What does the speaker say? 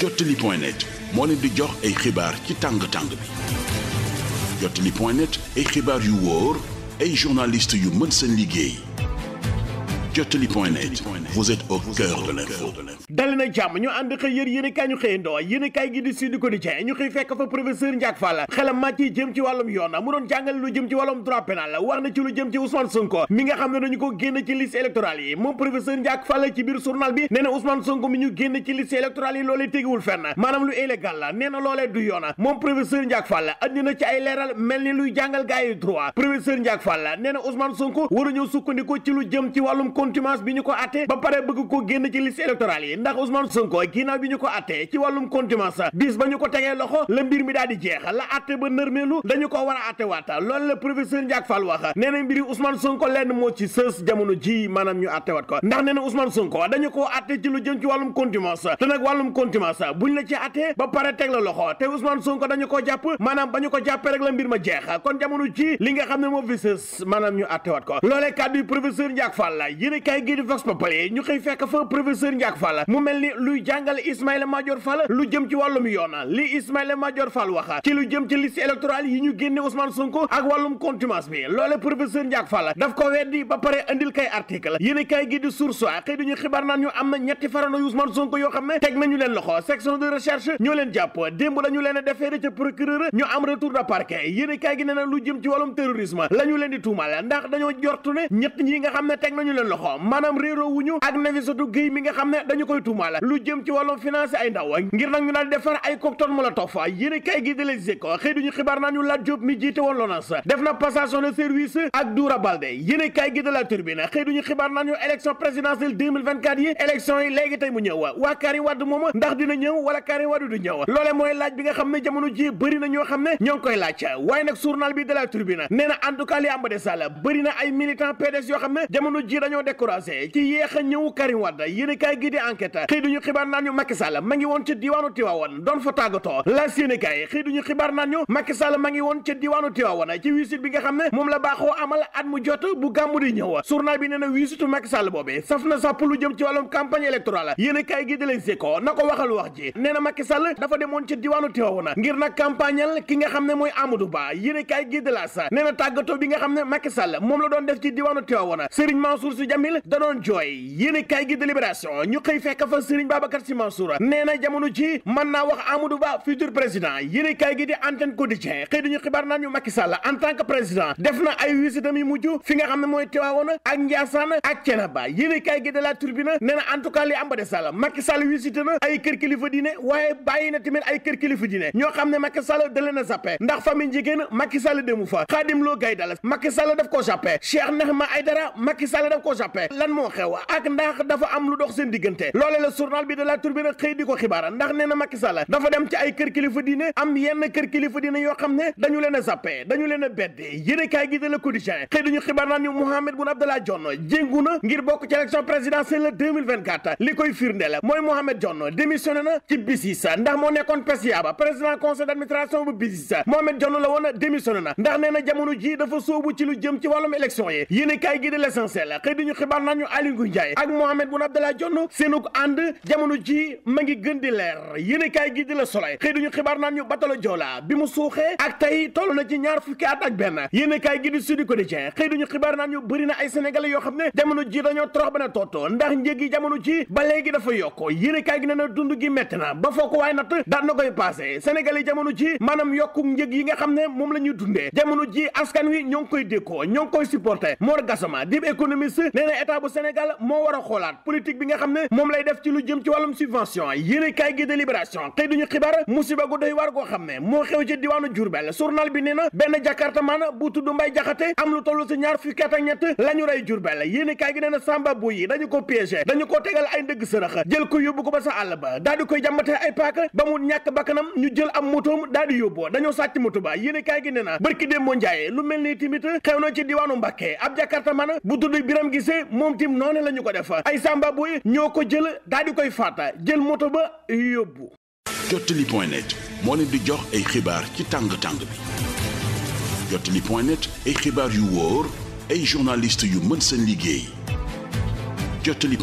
jot point net moo leen di jox ay xibaar ci tàng-tàng bi jottali point net ay xibaar yu wóor ay journaliste yu mën seen liggéey jotali.net vous êtes au cœur de l'info. dali ñu ànd xëy yër kaay ñu xëyandoo yéen i di Sud Quotidien ñu xëy fekk fa professeur Ndiak Fall xelam màcc yi jëm ci wàllum yoon mu doon jàngale lu jëm ci wàllum droit pénal wax na ci lu jëm ci Ousmane Sonko mi nga xam ne dañu ko génn ci liste électorale yi moom professeur Ndiak Fall ci biir journal bi nee na Ousmane mi ñu génn ci liste électorale yi loolee tegiwul fenn maanaam lu illégal la nee loolee du yoon moom professeur contimence bi ñu ko attee ba pare bëgg ko génn ci liste électorale yi ndax Ousmane Sonko ginnaaw bi ñu ko attee ci wàllum contumace bis ba ñu ko tegee loxo la mbir mi daal di jeex la atte ba nërmeelu dañu ko war a atte waata loolu la professeur Ndiak Fall wax nee mbiri Ousmane Sonko lenn moo ci sës jamono ji maanaam ñu atte wat ko ndax nee na Ousmane Sonko dañu ko atte ci lu jëm ci wàllum contumace te nag wàllum contumace buñ la ci attee ba pare ko jàpp maanaam ba ñu ko jàppee rek yéen kaay gi di vox populi ñu xëy fekk fa professeur Ndiak Fall mu mel ni luy jàngale Ismaïla Madior Fall lu jëm ci wàllum yoon li Ismaïla Madior Fall wax ci lu jëm ci liste électorale yi ñu génne Ousmane Sonko ak wàllum contumace bi loole professeur Ndiak Fall daf ko weddi ba pare andil kay article yéen kaay gi di source xëy duñu xibaar naan ñu am na ñetti farano yu Ousmane yoo xam ne teg nañu leen loxo section de recherche ñoo leen jàpp démb loxo maanaam réeroo wuñu ak Nafissatou Guèye mi nga xam ne dañu koy tuumaal lu jëm ci wàllum financé ay ndaw ngir nag ñu daal defar ay cocktail molotov yéen kay gi de Les Échos xëy duñu ñu Lat Diop mi jiite de service ak yi élection yi tey mu ñëw waa Karim Wade moom ndax dina ñëw wala Karim Wade du ñëw loole mooy laaj bi nga xam ne jamono ji bëri na ñoo xam ne ñoo koy laaj waaye nag journal bi de La nee na en découragé ci yéex a ñëw Karim Wade yéen kaay gi di enquête xëy duñu xibaar naan ñu ma ngi woon ca diwaanu Tiwaawan doon fa xibaar naan ñu ma ngi woon ca diwaanu Tiwaawan ci wisit bi nga xam ne moom la baaxoo amal at mu jot bu gàmmu di ñëw journal bi nee na wisitu Macky Sall boobee saf na sàpp lu jëm ci wàllum campagne électorale yéen gi di leen seko na ko waxal wax ji nee na Macky dafa demoon ca diwaanu Tiwaawan ngir nag campagnal ki nga xam ne mooy Amadou Ba yéen gi di laas nee na tàggatoo bi nga xam ne Macky Sall moom la doon def Jamil da doon jooy yéene kaay gi délibération ñu xëy fekk fa Serigne Babacar Sy Mansour nee na jamono ji mën naa wax Amadou Ba futur président yéene kaay gi di antenne quotidien xëy di xibaar naan ñu Macky Sall en tant que président def na ay visitam yu mujj fi nga xam ne mooy Tivaouane ak Ndiassane ak Thiénaba yéene kaay gi de la Tribune nee na en tout cas li am ba de Sall Macky Sall visité ay kër kilifa diine waaye bàyyi na tamit ay kër kilifa diine ñoo xam ne Macky Sall da leen a zappé ndax famille jigéen Macky Sall demu fa Khadim Lo jàppe lan moo xew ak ndax dafa am lu dox seen diggante loole la journal bi de la xëy di ko xibaara ndax nee na Macky dafa dem ci ay kër kilifa diine am yenn kër kilifa diine yoo xam ne dañu leen a zappe dañu leen a bedde yéene kaay gi de la Quotidien xëy duñu xibaar naan ñu Mohamed Boun Abdallah Dionne jéngu na ngir bokk ci élection présidentielle 2024 li koy firnde la mooy Mohamed Dionne démissionné na ci BICIS ndax moo nekkoon PCA ba xibaar nañu Aly Ngouille Ndiaye ak Mahammed Boun Abdallah Dionne seenug ànd jamono ji ma ngi gën di leer yéenekaay gi di la Soleil xëy duñu xibaar naan ñu batalo Joola bi mu suuxee ak tey toll na ci ñaar fukki at ak benn yéenekaay gi di Sud Quotidien xëy duñu xibaar naan ñu bëri na ay sénégalais yoo xam ne jamono ji dañoo torox ba ne tootoo ndax njëg yi jamono ji ba léegi dafa yokk yéenekaay gi nee na dund gi metti na ba foo ko waaye natt daan na koy passé sénégalais jamono ji maanaam yokku njëg yi nga xam ne moom la ñuy dundee jamono ji askan wi ñoo ngi koy dékkoo ñoo ngi koy supporté Mor Gassama dib économiste nee na bu Sénégal moo war a xoolaat politique bi nga xam ne moom lay def ci lu jëm ci wàllum subvention yéene kaay gi de Libération xëy duñu xibaar musiba gu doy war goo xam ne moo xew ci diwaanu Jurbel journal bi nee na benn jakartamaan bu tudd Mbay Jaxate am lu toll si ñaar fukki at ak ñett la ñu rey Jurbel yéene kaay gi nee na Samba yi dañu ko piégé dañu ko tegal ay ndëgg sërëx jël ko yóbbu ko ba sa àll ba daal di koy jàmbatee ay paaka ba mu ñàkk bakkanam ñu jël am motoom daal di yóbboo dañoo sàcc moto ba yéene kaay gi nee na bërki déem moo njaaye lu mel nii timit xew na ci diwaanu Mbàkke ab jakartamaan bu tudd Biram Gise Cissé moom tim noonu la ñu ko def ay samba boy ñoo ko jël daal di koy faata jël moto ba yóbbu. Jotali point net moo leen di jox ay xibaar ci tàng-tàng bi Jotali point net ay xibaar yu wóor ay journalistes yu mën seen liggéey Jotali